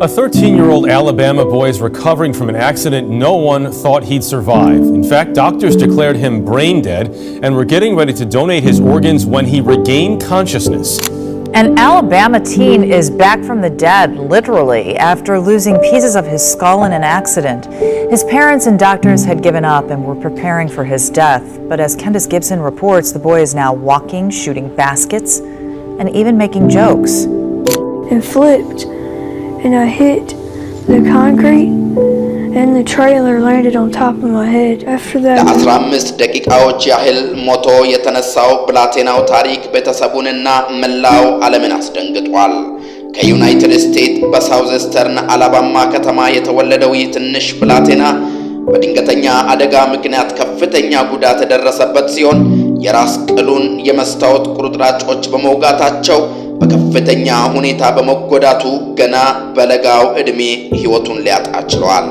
A 13 year old Alabama boy is recovering from an accident no one thought he'd survive. In fact, doctors declared him brain dead and were getting ready to donate his organs when he regained consciousness. An Alabama teen is back from the dead, literally, after losing pieces of his skull in an accident. His parents and doctors had given up and were preparing for his death. But as Kendis Gibson reports, the boy is now walking, shooting baskets, and even making jokes. and flipped, and I hit the concrete and the trailer landed on top of my head. After that, ለ15 ደቂቃዎች ያህል ሞቶ የተነሳው ብላቴናው ታሪክ ቤተሰቡንና መላው ዓለምን አስደንግጧል። ከዩናይትድ ስቴትስ በሳውዝስተርን አላባማ ከተማ የተወለደው ይህ ትንሽ ብላቴና በድንገተኛ አደጋ ምክንያት ከፍተኛ ጉዳት የደረሰበት ሲሆን የራስ ቅሉን የመስታወት ቁርጥራጮች በመውጋታቸው በከፍተኛ ሁኔታ በመጎዳቱ ገና በለጋው ዕድሜ ሕይወቱን ሊያጣ ችሏል።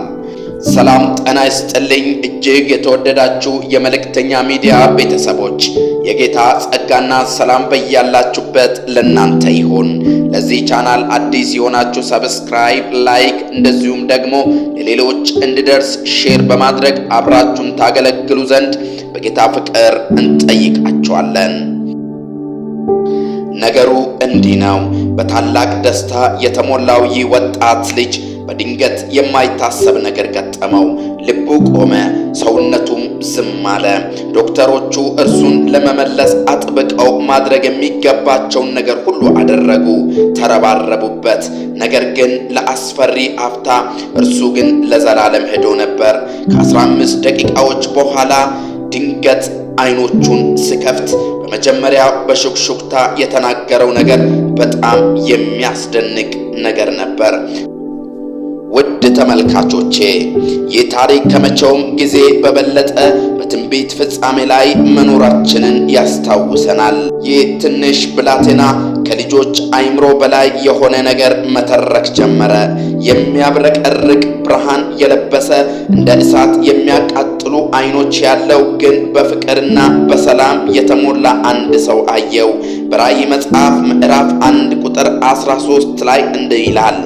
ሰላም ጤና ይስጥልኝ። እጅግ የተወደዳችሁ የመልእክተኛ ሚዲያ ቤተሰቦች የጌታ ጸጋና ሰላም በያላችሁበት ለእናንተ ይሁን። ለዚህ ቻናል አዲስ የሆናችሁ ሰብስክራይብ፣ ላይክ እንደዚሁም ደግሞ ለሌሎች እንዲደርስ ሼር በማድረግ አብራችሁን ታገለግሉ ዘንድ በጌታ ፍቅር እንጠይቃችኋለን። ነገሩ እንዲህ ነው። በታላቅ ደስታ የተሞላው ይህ ወጣት ልጅ በድንገት የማይታሰብ ነገር ገጠመው። ልቡ ቆመ፣ ሰውነቱም ዝም አለ። ዶክተሮቹ እርሱን ለመመለስ አጥብቀው ማድረግ የሚገባቸውን ነገር ሁሉ አደረጉ፣ ተረባረቡበት። ነገር ግን ለአስፈሪ አፍታ እርሱ ግን ለዘላለም ሄዶ ነበር። ከ15 ደቂቃዎች በኋላ ድንገት አይኖቹን ስከፍት በመጀመሪያ በሹክሹክታ የተናገረው ነገር በጣም የሚያስደንቅ ነገር ነበር። ውድ ተመልካቾቼ ይህ ታሪክ ከመቼውም ጊዜ በበለጠ በትንቢት ፍጻሜ ላይ መኖራችንን ያስታውሰናል። ይህ ትንሽ ብላቴና ከልጆች አይምሮ በላይ የሆነ ነገር መተረክ ጀመረ። የሚያብረቀርቅ ብርሃን የለበሰ እንደ እሳት የሚያቃጥሉ አይኖች ያለው ግን በፍቅርና በሰላም የተሞላ አንድ ሰው አየው። በራእይ መጽሐፍ ምዕራፍ አንድ ቁጥር 13 ላይ እንዲህ ይላል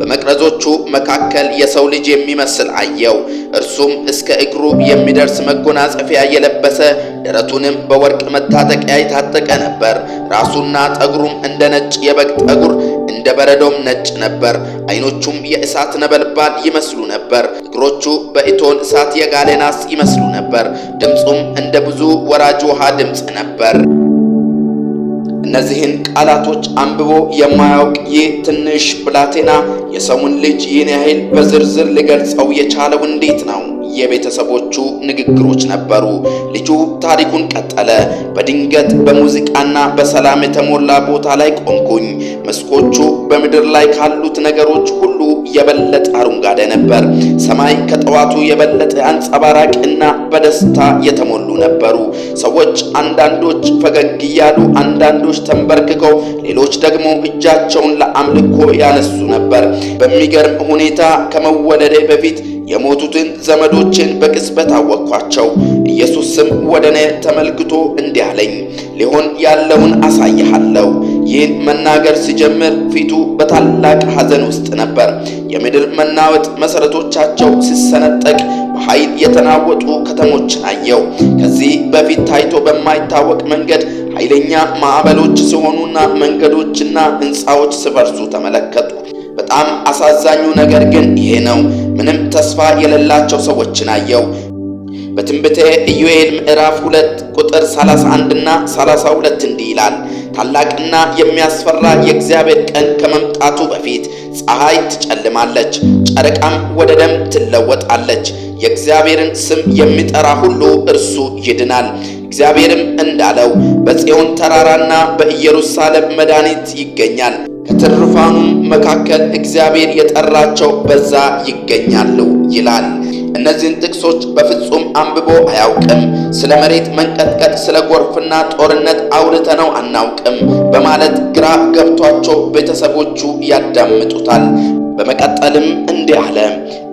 በመቅረዞቹ መካከል የሰው ልጅ የሚመስል አየው። እርሱም እስከ እግሩ የሚደርስ መጎናጸፊያ የለበሰ ደረቱንም በወርቅ መታጠቂያ የታጠቀ ነበር። ራሱና ጠጉሩም እንደ ነጭ የበግ ጠጉር እንደ በረዶም ነጭ ነበር። ዓይኖቹም የእሳት ነበልባል ይመስሉ ነበር። እግሮቹ በእቶን እሳት የጋለ ናስ ይመስሉ ነበር። ድምፁም እንደ ብዙ ወራጅ ውሃ ድምፅ ነበር። እነዚህን ቃላቶች አንብቦ የማያውቅ ይህ ትንሽ ብላቴና የሰውን ልጅ ይህን ያህል በዝርዝር ሊገልጸው የቻለው እንዴት ነው? የቤተሰቦቹ ንግግሮች ነበሩ። ልጁ ታሪኩን ቀጠለ። በድንገት በሙዚቃና በሰላም የተሞላ ቦታ ላይ ቆምኩኝ። መስኮቹ በምድር ላይ ካሉት ነገሮች ሁሉ የበለጠ አረንጓዴ ነበር። ሰማይ ከጠዋቱ የበለጠ አንጸባራቂ እና በደስታ የተሞሉ ነበሩ። ሰዎች አንዳንዶች ፈገግ እያሉ፣ አንዳንዶች ተንበርክከው፣ ሌሎች ደግሞ እጃቸውን ለአምልኮ ያነሱ ነበር። በሚገርም ሁኔታ ከመወለዴ በፊት የሞቱትን ዘመዶችን በቅጽበት አወቅኳቸው። ኢየሱስም ወደ እኔ ተመልክቶ እንዲህ አለኝ፣ ሊሆን ያለውን አሳይሃለሁ። ይህን መናገር ሲጀምር ፊቱ በታላቅ ሐዘን ውስጥ ነበር። የምድር መናወጥ መሠረቶቻቸው ሲሰነጠቅ በኃይል የተናወጡ ከተሞችን አየው። ከዚህ በፊት ታይቶ በማይታወቅ መንገድ ኃይለኛ ማዕበሎች ሲሆኑና መንገዶችና ሕንፃዎች ሲፈርሱ ተመለከቱ። በጣም አሳዛኙ ነገር ግን ይሄ ነው። ምንም ተስፋ የሌላቸው ሰዎችን አየው። በትንቢተ ኢዩኤል ምዕራፍ 2 ቁጥር 31 እና 32 እንዲህ ይላል፣ ታላቅና የሚያስፈራ የእግዚአብሔር ቀን ከመምጣቱ በፊት ፀሐይ ትጨልማለች፣ ጨረቃም ወደ ደም ትለወጣለች። የእግዚአብሔርን ስም የሚጠራ ሁሉ እርሱ ይድናል። እግዚአብሔርም እንዳለው በጽዮን ተራራና በኢየሩሳሌም መድኃኒት ይገኛል። ከትሩፋኑም መካከል እግዚአብሔር የጠራቸው በዛ ይገኛሉ ይላል። እነዚህን ጥቅሶች በፍጹም አንብቦ አያውቅም። ስለ መሬት መንቀጥቀጥ፣ ስለ ጎርፍና ጦርነት አውርተነው አናውቅም በማለት ግራ ገብቷቸው ቤተሰቦቹ ያዳምጡታል። በመቀጠልም እንዲህ አለ።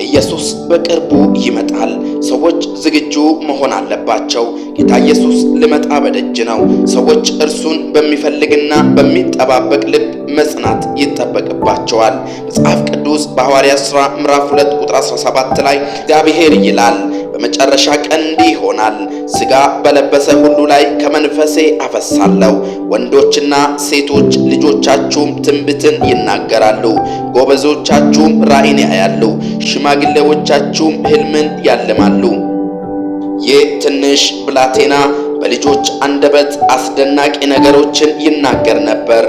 ኢየሱስ በቅርቡ ይመጣል። ሰዎች ዝግጁ መሆን አለባቸው። ጌታ ኢየሱስ ልመጣ በደጅ ነው። ሰዎች እርሱን በሚፈልግና በሚጠባበቅ ልብ መጽናት ይጠበቅባቸዋል። መጽሐፍ ቅዱስ በሐዋርያት ሥራ ምዕራፍ 2 ቁጥር 17 ላይ እግዚአብሔር ይላል በመጨረሻ ቀን እንዲህ ይሆናል፣ ሥጋ በለበሰ ሁሉ ላይ ከመንፈሴ አፈሳለሁ፣ ወንዶችና ሴቶች ልጆቻችሁም ትንቢትን ይናገራሉ፣ ጎበዞቻችሁም ራእይን ያያሉ ሽማግሌዎቻችሁም ሕልምን ያልማሉ። ይህ ትንሽ ብላቴና በልጆች አንደበት አስደናቂ ነገሮችን ይናገር ነበር።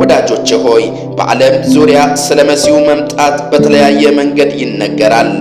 ወዳጆች ሆይ በዓለም ዙሪያ ስለ መሲሁ መምጣት በተለያየ መንገድ ይነገራል።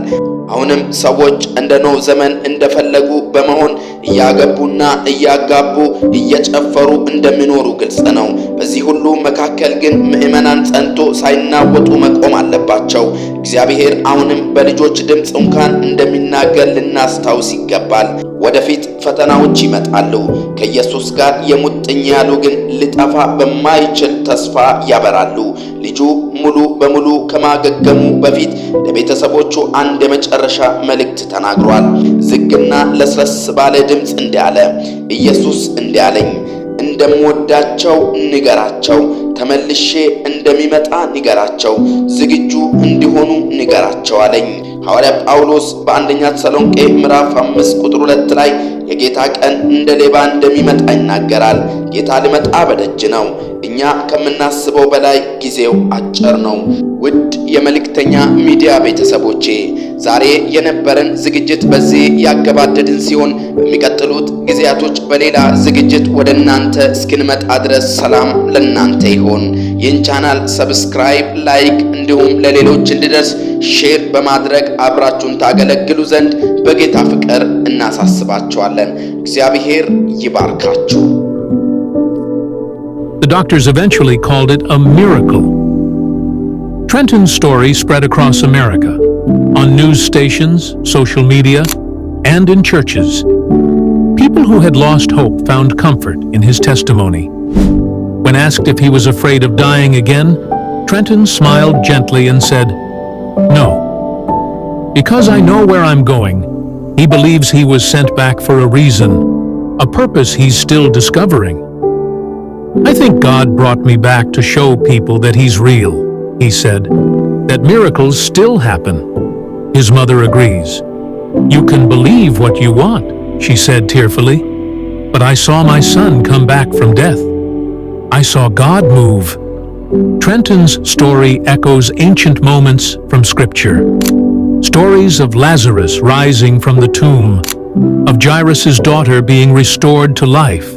አሁንም ሰዎች እንደ ኖህ ዘመን እንደፈለጉ በመሆን እያገቡና እያጋቡ እየጨፈሩ እንደሚኖሩ ግልጽ ነው። በዚህ ሁሉ መካከል ግን ምዕመናን ጸንቶ ሳይናወጡ መቆም አለባቸው። እግዚአብሔር አሁንም በልጆች ድምፅ እንኳን እንደሚናገር ልናስታውስ ይገባል። ወደፊት ፈተናዎች ይመጣሉ። ከኢየሱስ ጋር የሙጥኝ ያሉ ግን ሊጠፋ በማይችል ተስፋ ያበራሉ። ልጁ ሙሉ በሙሉ ከማገገሙ በፊት ለቤተሰቦቹ አንድ የመጨረሻ መልእክት ተናግሯል። ዝግና ለስለስ ባለ ድምፅ እንዳለ ኢየሱስ እንዲያለኝ እንደምወዳቸው ንገራቸው፣ ተመልሼ እንደሚመጣ ንገራቸው፣ ዝግጁ እንዲሆኑ ንገራቸው አለኝ። ሐዋርያ ጳውሎስ በአንደኛ ተሰሎንቄ ምዕራፍ 5 ቁጥር 2 ላይ የጌታ ቀን እንደ ሌባ እንደሚመጣ ይናገራል። ጌታ ሊመጣ በደጅ ነው። እኛ ከምናስበው በላይ ጊዜው አጭር ነው። ውድ የመልእክተኛ ሚዲያ ቤተሰቦቼ ዛሬ የነበረን ዝግጅት በዚህ ያገባደድን ሲሆን በሚቀጥሉት ጊዜያቶች በሌላ ዝግጅት ወደ እናንተ እስክንመጣ ድረስ ሰላም ለእናንተ ይሆን። ይህን ቻናል ሰብስክራይብ፣ ላይክ እንዲሁም ለሌሎች እንዲደርስ ሼር በማድረግ አብራችሁን ታገለግሉ ዘንድ በጌታ ፍቅር እናሳስባቸዋለን። እግዚአብሔር ይባርካችሁ። The doctors eventually called it a miracle. Trenton's story spread across America on news stations, social media, and in churches. People who had lost hope found comfort in his testimony. When asked if he was afraid of dying again, Trenton smiled gently and said, No, because I know where I'm going, he believes he was sent back for a reason, a purpose he's still discovering. I think God brought me back to show people that he's real, he said, that miracles still happen. His mother agrees. You can believe what you want, she said tearfully, but I saw my son come back from death. I saw God move. Trenton's story echoes ancient moments from Scripture. Stories of Lazarus rising from the tomb, of Jairus' daughter being restored to life,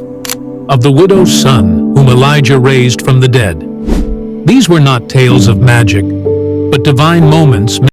of the widow's son whom Elijah raised from the dead. These were not tales of magic, but divine moments